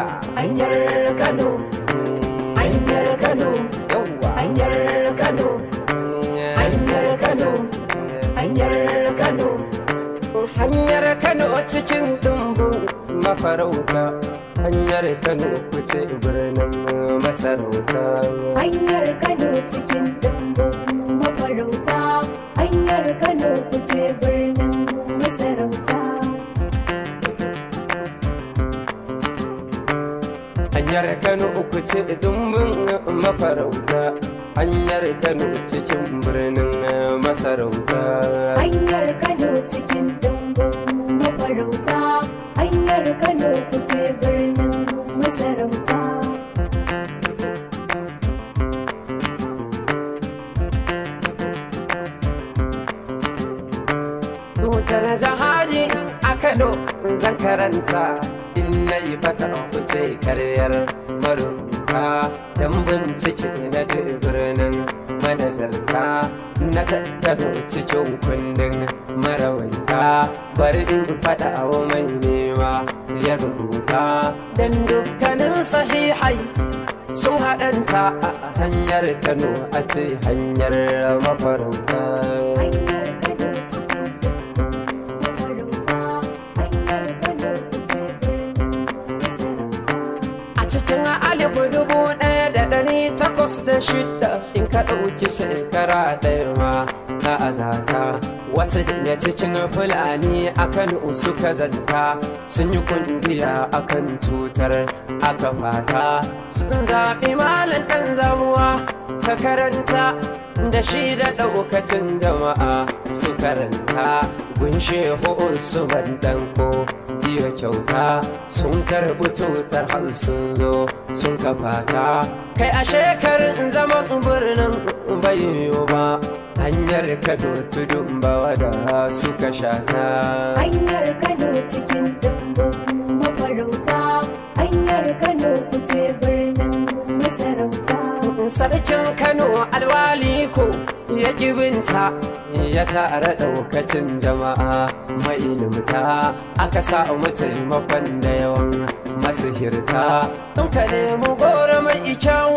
ka hanyar Kano hanyar Kano hanyar Kano hanyar Kano hanyar Kano hanyar Kano cikin dumbun mafarauta hanyar Kano kuce birnin masarauta hanyar Kano cikin dumbun mafarauta hanyar Kano kuce birnin masarauta hanyar kano uku ce dumbin mafarauta hanyar kano cikin birnin masarauta hanyar kano cikin dumbin mafarauta hanyar kano uku ce birnin masarauta Tutar jahaji a Kano zan karanta na yi fatan zai karyar marunta don bincike na ji birnin manazarta na tattaka cikin kundin marawaita bari in faɗa wa mai nema ya rubuta don dukkanin sahihai sun haɗanta a hanyar kano a ce hanyar mafarauta cikin alifu dubu ɗaya da ɗari takwas da shida in ka ɗauki shekara ɗaya ma na azata wasu da cikin fulani akan usu ka zanta sun yi kungiya akan cutar aka su sun zaɓi malam ɗan zamuwa ta karanta da shi da ɗaukacin jama'a su karanta gunshe ho'un su bandan biyu kyauta sun karɓi tutar hausun zo sun kafa ta kai a shekarun zaman birnin bai yiwu ba hanyar kano tudu bawa da suka shata hanyar kano cikin mafarauta hanyar kano kuce birnin masarauta sarkin kano alwali ko ya ƙibinta ya tara ɗaukacin jama'a mailimta aka sa taimakon da yawan hirta in ka nemi gora mai kyau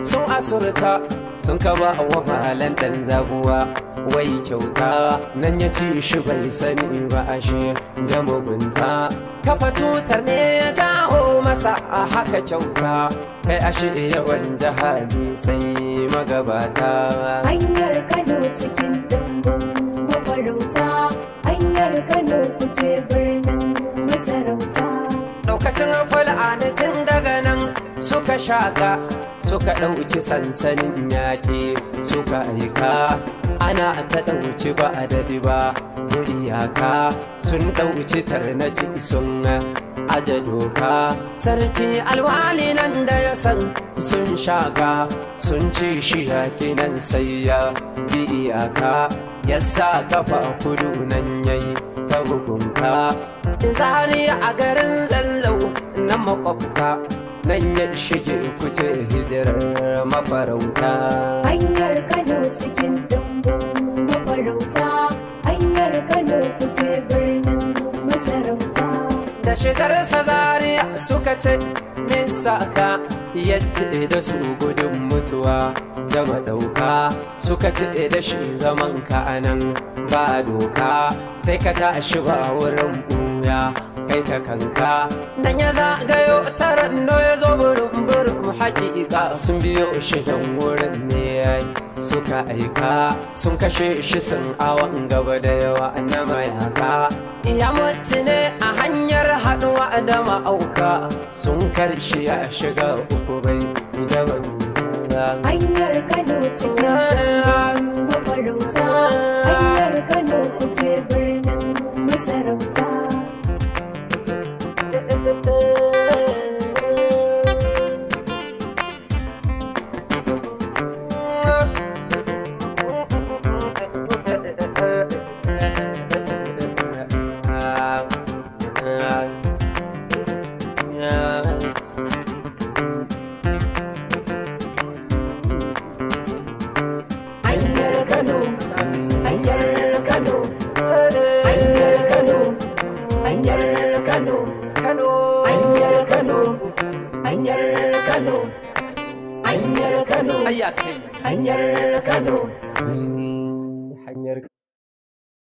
sun asurta sun kama wa mahalan ɗan zaguwa wai kyauta nan ya ci shi bai sani ba ashe da mugunta kafa tutar ne ya jaho masa a haka kyauta kai ashe yawan jihadi sai magabata hanyar kano cikin dambam mafarauta hanyar kano kuce birnin masarauta lokacin ful'anatin daga nan suka shaka suka ɗauki sansanin yaƙi suka aika ana ta ɗauki ba a daɗi ba iyaka sun ɗauki tarnaci sun aje doka sarki alwali nan da ya san sun shaga sun ci shi yaƙi nan sai ya bi iyaka ya sa kafa kudu nan yayi ta hukunta zari a garin zallo na makwabta nan ya shige kuce hijirar mafarauta hanyar kano cikin fita hanyar kano kuce birnin masarauta da shigarsa Zaria suka ce nesa ka yace da su gudun mutuwa da madauka suka ci da shi zaman ka anan ba doka sai ka tashi ba wurin buya yi da kanka dan ya zagayo taran no ya zo burin burin hakika sun biyo shi dan wurin ne suka aika sun kashe shi sun awon gaba da yawa na mayaka ya mutune ne a hanyar haɗuwa da ma'auka sun karshe ya shiga uku bai da hanyar kano cikin mafarauta hanyar kano kuje ba. hanyar Kano hanyar Kano hanyar Kano hanyar